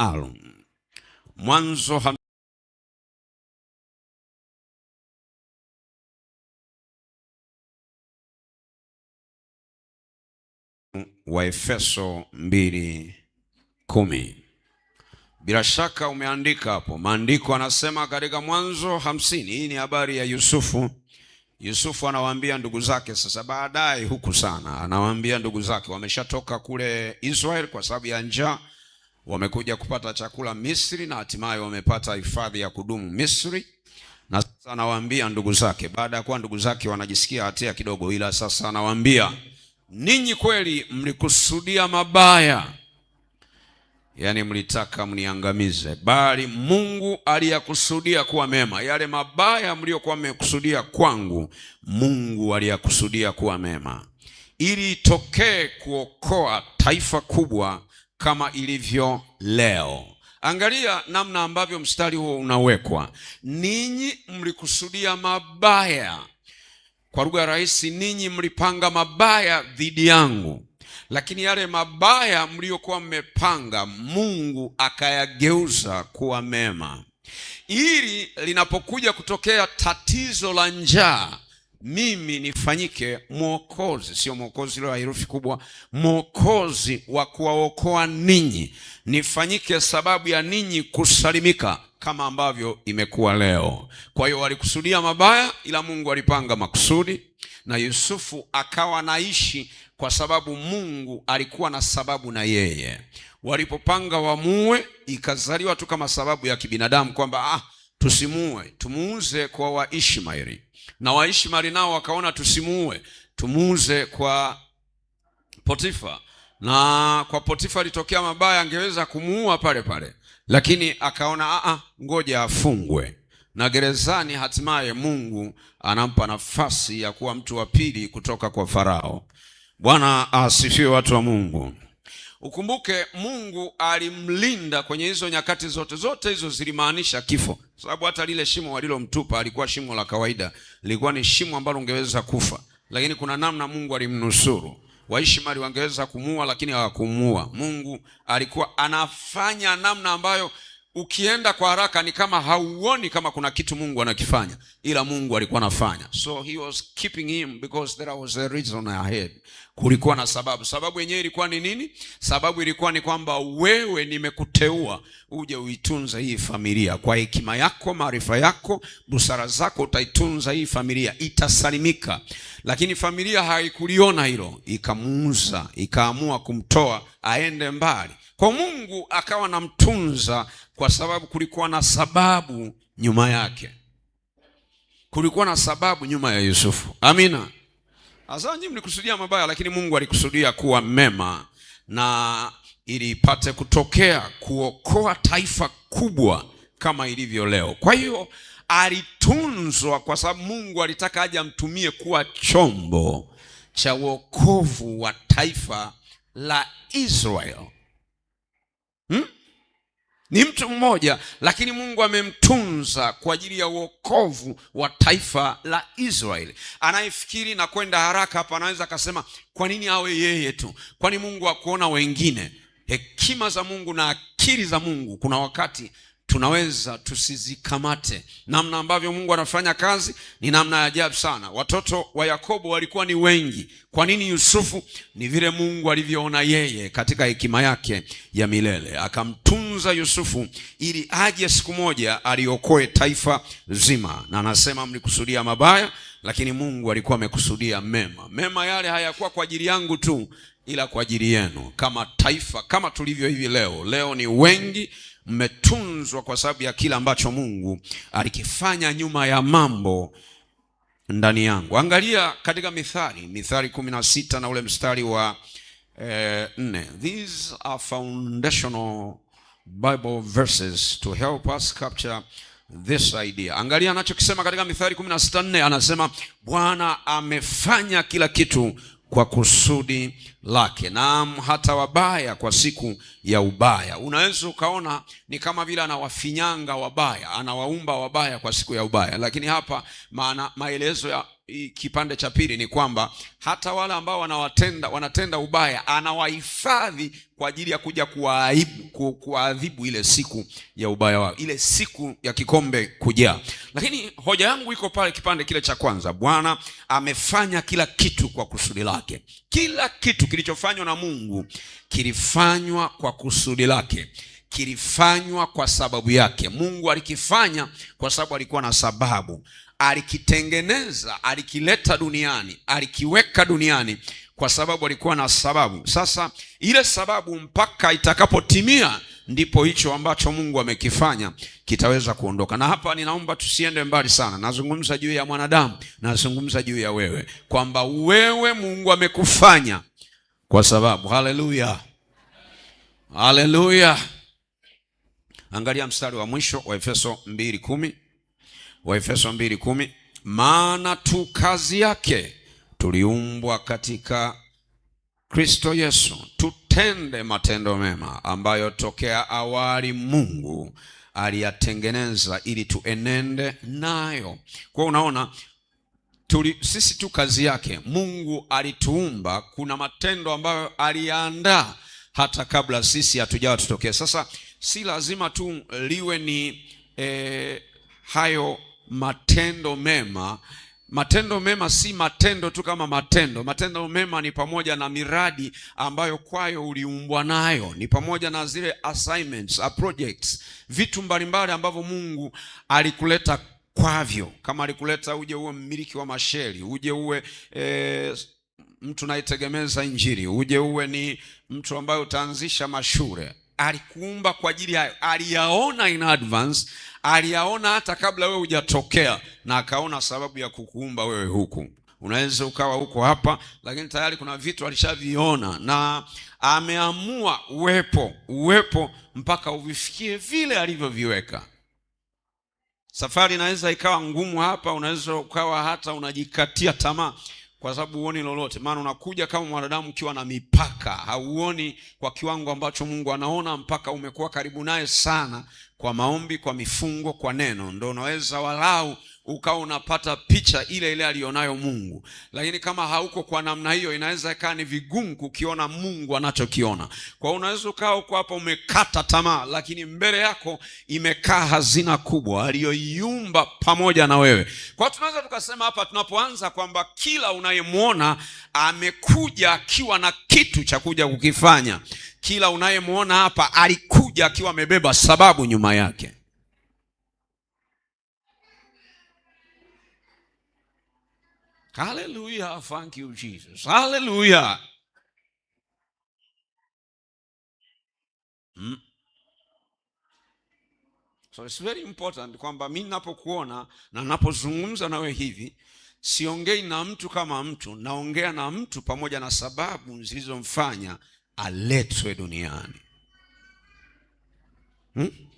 Aaron. Mwanzo Waefeso mbili kumi. Bila shaka umeandika hapo. Maandiko anasema katika Mwanzo hamsini, hii ni habari ya Yusufu. Yusufu anawaambia ndugu zake sasa, baadaye huku sana, anawaambia ndugu zake wameshatoka kule israel kwa sababu ya njaa wamekuja kupata chakula Misri na hatimaye wamepata hifadhi ya kudumu Misri. Na sasa anawaambia ndugu zake, baada ya kuwa ndugu zake wanajisikia hatia kidogo, ila sasa anawaambia ninyi kweli mlikusudia mabaya, yaani mlitaka mniangamize, bali Mungu aliyakusudia kuwa mema. Yale mabaya mliokuwa mmekusudia kwangu, Mungu aliyakusudia kuwa mema, ili itokee kuokoa taifa kubwa kama ilivyo leo. Angalia namna ambavyo mstari huo unawekwa, ninyi mlikusudia mabaya. Kwa lugha rahisi, ninyi mlipanga mabaya dhidi yangu, lakini yale mabaya mliyokuwa mmepanga, Mungu akayageuza kuwa mema. ili linapokuja kutokea tatizo la njaa mimi nifanyike mwokozi, sio mwokozi leo herufi kubwa, mwokozi wa kuwaokoa ninyi, nifanyike sababu ya ninyi kusalimika kama ambavyo imekuwa leo. Kwa hiyo walikusudia mabaya, ila Mungu alipanga makusudi, na Yusufu akawa naishi kwa sababu Mungu alikuwa na sababu na yeye. Walipopanga wamue, ikazaliwa tu kama sababu ya kibinadamu kwamba ah, tusimue, tumuuze kwa Waishmaeli na waishi mali nao wakaona tusimuue, tumuuze kwa Potifa. Na kwa Potifa alitokea mabaya, angeweza kumuua pale pale, lakini akaona aa, ngoja afungwe na gerezani. Hatimaye Mungu anampa nafasi ya kuwa mtu wa pili kutoka kwa Farao. Bwana asifiwe, watu wa Mungu. Ukumbuke Mungu alimlinda kwenye hizo nyakati zote, zote hizo zilimaanisha kifo, sababu hata lile shimo walilomtupa alikuwa shimo la kawaida, lilikuwa ni shimo ambalo ungeweza kufa, lakini kuna namna Mungu alimnusuru. Waishmari wangeweza kumua lakini hawakumua Mungu alikuwa anafanya namna ambayo ukienda kwa haraka ni kama hauoni kama kuna kitu Mungu anakifanya, ila Mungu alikuwa anafanya. So he was keeping him because there was a reason ahead. Kulikuwa na sababu. Sababu yenyewe ilikuwa ni nini? Sababu ilikuwa ni kwamba wewe, nimekuteua uje uitunze hii familia kwa hekima yako, maarifa yako, busara zako, utaitunza hii familia, itasalimika. Lakini familia haikuliona hilo, ikamuuza, ikaamua kumtoa aende mbali kwa Mungu akawa namtunza kwa sababu kulikuwa na sababu nyuma yake, kulikuwa na sababu nyuma ya Yusufu. Amina. Hasa nyinyi mlikusudia mabaya, lakini Mungu alikusudia kuwa mema na ili ipate kutokea kuokoa taifa kubwa kama ilivyo leo. Kwa hiyo alitunzwa kwa sababu Mungu alitaka aje amtumie kuwa chombo cha wokovu wa taifa la Israeli hmm? Ni mtu mmoja lakini Mungu amemtunza kwa ajili ya uokovu wa taifa la Israeli. Anayefikiri na kwenda haraka hapa anaweza akasema kwa nini awe yeye tu? Kwani Mungu akuona wengine? Hekima za Mungu na akili za Mungu kuna wakati tunaweza tusizikamate. Namna ambavyo Mungu anafanya kazi ni namna ya ajabu sana. Watoto wa Yakobo walikuwa ni wengi. Kwa nini Yusufu? Ni vile Mungu alivyoona yeye katika hekima yake ya milele, akamtunza Yusufu ili aje siku moja aliokoe taifa zima. Na anasema mlikusudia mabaya, lakini Mungu alikuwa amekusudia mema. Mema yale hayakuwa kwa ajili yangu tu, ila kwa ajili yenu, kama taifa, kama tulivyo hivi leo. Leo ni wengi mmetunzwa kwa sababu ya kila ambacho Mungu alikifanya nyuma ya mambo ndani yangu. Angalia katika Mithali, Mithali kumi na sita na ule mstari wa eh, These are foundational Bible verses to help us capture this idea. Angalia anachokisema katika Mithali 16:4 anasema Bwana amefanya kila kitu kwa kusudi lake, naam, hata wabaya kwa siku ya ubaya. Unaweza ukaona ni kama vile anawafinyanga wabaya, anawaumba wabaya kwa siku ya ubaya, lakini hapa maana maelezo ya kipande cha pili ni kwamba hata wale ambao wanawatenda wanatenda ubaya anawahifadhi kwa ajili ya kuja kuwaaibu, kuwaadhibu ile siku ya ubaya wao, ile siku ya kikombe kujaa. Lakini hoja yangu iko pale kipande kile cha kwanza, Bwana amefanya kila kitu kwa kusudi lake. Kila kitu kilichofanywa na Mungu kilifanywa kwa kusudi lake kilifanywa kwa sababu yake. Mungu alikifanya kwa sababu alikuwa na sababu alikitengeneza, alikileta duniani, alikiweka duniani kwa sababu alikuwa na sababu. Sasa ile sababu mpaka itakapotimia ndipo hicho ambacho Mungu amekifanya kitaweza kuondoka. Na hapa ninaomba tusiende mbali sana, nazungumza juu ya mwanadamu, nazungumza juu ya wewe, kwamba wewe Mungu amekufanya kwa sababu. Haleluya, haleluya. Angalia mstari wa mwisho wa Efeso Waefeso 2:10, maana tu kazi yake tuliumbwa katika Kristo Yesu tutende matendo mema ambayo tokea awali Mungu aliyatengeneza ili tuenende nayo. Kwa unaona tuli, sisi tu kazi yake. Mungu alituumba, kuna matendo ambayo aliandaa hata kabla sisi hatujawa tutokee. Sasa si lazima tu liwe ni eh, hayo matendo mema. Matendo mema si matendo tu kama matendo. Matendo mema ni pamoja na miradi ambayo kwayo uliumbwa nayo, ni pamoja na zile assignments, a projects, vitu mbalimbali ambavyo Mungu alikuleta kwavyo. Kama alikuleta uje uwe mmiliki wa masheri, uje uwe e, mtu naitegemeza Injili, uje uwe ni mtu ambaye utaanzisha mashule, alikuumba kwa ajili hayo, aliyaona in advance aliyaona hata kabla wewe hujatokea, na akaona sababu ya kukuumba wewe huku. Unaweza ukawa huko hapa, lakini tayari kuna vitu alishaviona na ameamua uwepo uwepo mpaka uvifikie vile alivyoviweka. Safari inaweza ikawa ngumu hapa, unaweza ukawa hata unajikatia tamaa kwa sababu huoni lolote, maana unakuja kama mwanadamu ukiwa na mipaka, hauoni kwa kiwango ambacho Mungu anaona, mpaka umekuwa karibu naye sana, kwa maombi, kwa mifungo, kwa neno, ndo unaweza walau ukawa unapata picha ile ile aliyonayo Mungu. Lakini kama hauko kwa namna hiyo, inaweza ikawa ni vigumu kukiona Mungu anachokiona. Kwa unaweza ukawa uko hapa umekata tamaa, lakini mbele yako imekaa hazina kubwa aliyoiumba pamoja na wewe. Kwa tunaweza tukasema hapa tunapoanza kwamba kila unayemwona amekuja akiwa na kitu cha kuja kukifanya. Kila unayemwona hapa alikuja akiwa amebeba sababu nyuma yake. Hallelujah. Thank you, Jesus. Hallelujah. Hmm. So it's very important kwamba mi ninapokuona na ninapozungumza nawe hivi, siongei na mtu kama mtu, naongea na mtu pamoja na sababu zilizomfanya aletwe duniani. Hmm?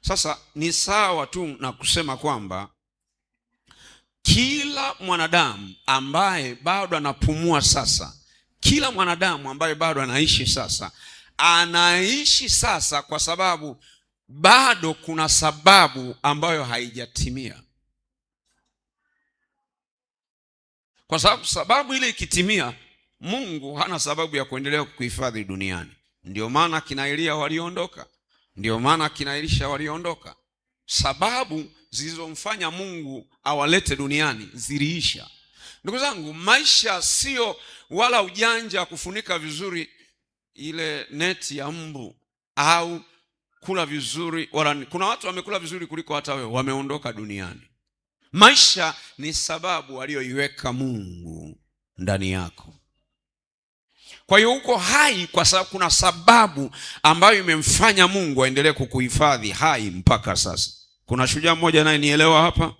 Sasa ni sawa tu na kusema kwamba kila mwanadamu ambaye bado anapumua sasa, kila mwanadamu ambaye bado anaishi sasa, anaishi sasa kwa sababu bado kuna sababu ambayo haijatimia, kwa sababu sababu ile ikitimia, Mungu hana sababu ya kuendelea kukuhifadhi duniani. Ndio maana kinailia waliondoka ndio maana kinailisha waliondoka sababu zilizomfanya Mungu awalete duniani ziliisha. Ndugu zangu, maisha sio wala ujanja kufunika vizuri ile neti ya mbu au kula vizuri wala. Kuna watu wamekula vizuri kuliko hata wewe, wameondoka duniani. Maisha ni sababu aliyoiweka Mungu ndani yako. Kwa hiyo uko hai kwa sababu kuna sababu ambayo imemfanya Mungu aendelee kukuhifadhi hai mpaka sasa. Kuna shujaa mmoja anayenielewa hapa?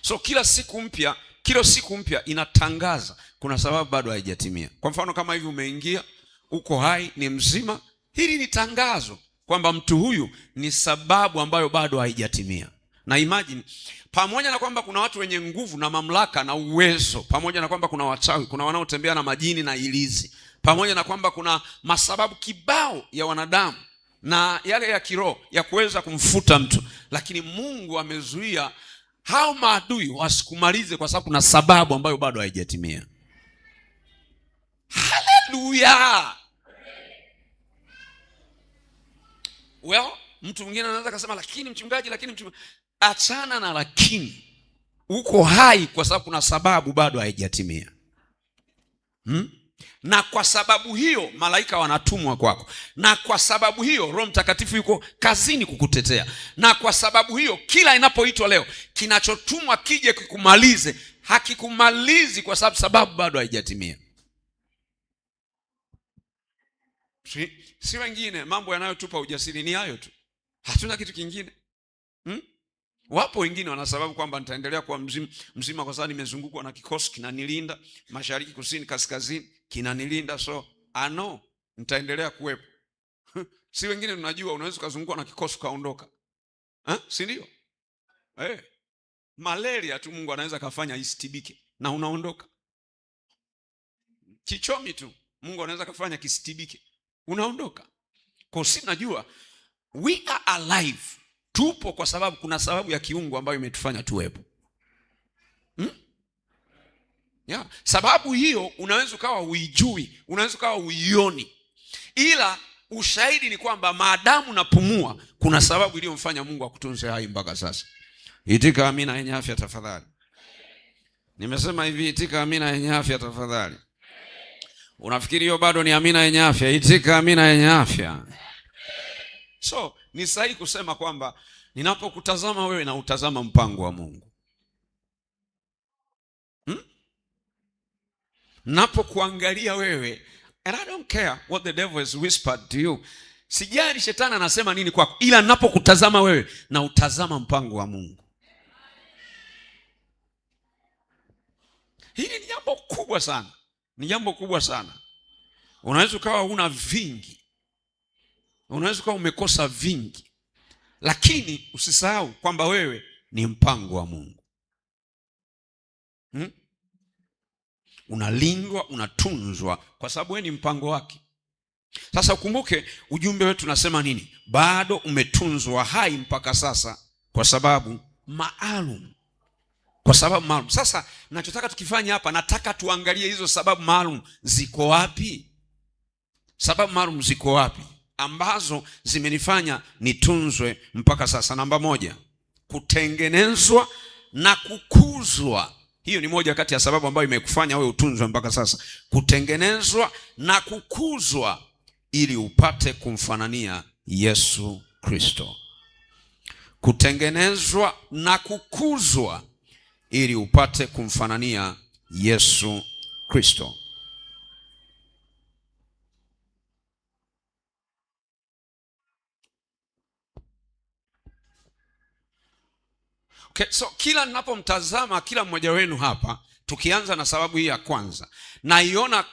So kila siku mpya, kila siku mpya inatangaza kuna sababu bado haijatimia. Kwa mfano kama hivi umeingia, uko hai, ni mzima, hili ni tangazo kwamba mtu huyu ni sababu ambayo bado haijatimia. Na imagine pamoja na kwamba kuna watu wenye nguvu na mamlaka na uwezo, pamoja na kwamba kuna wachawi, kuna wanaotembea na majini na ilizi, pamoja na kwamba kuna masababu kibao ya wanadamu na yale ya kiroho ya kuweza kumfuta mtu, lakini Mungu amezuia hao maadui wasikumalize, kwa sababu kuna sababu ambayo bado haijatimia. Haleluya! Well, mtu mwingine anaweza kasema lakini mchungaji, lakini achana na lakini, uko hai kwa sababu kuna sababu bado haijatimia hmm? na kwa sababu hiyo malaika wanatumwa kwako, na kwa sababu hiyo Roho Mtakatifu yuko kazini kukutetea, na kwa sababu hiyo kila inapoitwa leo, kinachotumwa kije kikumalize hakikumalizi, kwa sababu sababu bado haijatimia. Si, si wengine mambo yanayotupa ujasiri ni hayo tu, hatuna kitu kingine hmm? Wapo wengine wana sababu kwamba nitaendelea kuwa mzima, mzima kwa sababu nimezungukwa na kikosi kinanilinda mashariki, kusini, kaskazini kinanilinda, so ano nitaendelea kuwepo. si wengine tunajua unaweza ukazungukwa na kikosi ukaondoka, eh, si ndio? Hey, eh, malaria tu Mungu anaweza kafanya isitibike na unaondoka. Kichomi tu Mungu anaweza kafanya kisitibike, unaondoka. Kwa si najua we are alive Tupo kwa sababu kuna sababu ya kiungu ambayo imetufanya tuwepo hmm? yeah. Sababu hiyo unaweza ukawa uijui, unaweza ukawa uioni, ila ushahidi ni kwamba maadamu napumua, kuna sababu iliyomfanya Mungu akutunze hai mpaka sasa. Itika amina yenye afya tafadhali. Nimesema hivi, itika amina yenye afya tafadhali. Unafikiri hiyo bado ni amina yenye afya? Itika amina yenye afya. So ni sahihi kusema kwamba ninapokutazama wewe na utazama mpango wa Mungu hmm? Napokuangalia wewe and I don't care what the devil has whispered to you, sijali shetani anasema nini kwako, ila napokutazama wewe na utazama mpango wa Mungu. Hili ni jambo kubwa sana, ni jambo kubwa sana. Unaweza ukawa una vingi Unaweza kuwa umekosa vingi, lakini usisahau kwamba wewe ni mpango wa Mungu hmm? Unalindwa, unatunzwa kwa sababu wewe ni mpango wake. Sasa ukumbuke ujumbe wetu unasema nini? Bado umetunzwa hai mpaka sasa kwa sababu maalum, kwa sababu maalum. Sasa nachotaka tukifanya hapa, nataka tuangalie hizo sababu maalum ziko wapi? Sababu maalum ziko wapi? ambazo zimenifanya nitunzwe mpaka sasa. Namba moja, kutengenezwa na kukuzwa. Hiyo ni moja kati ya sababu ambayo imekufanya wewe utunzwe mpaka sasa, kutengenezwa na kukuzwa ili upate kumfanania Yesu Kristo, kutengenezwa na kukuzwa ili upate kumfanania Yesu Kristo. so kila ninapomtazama kila mmoja wenu hapa, tukianza na sababu hii ya kwanza, naiona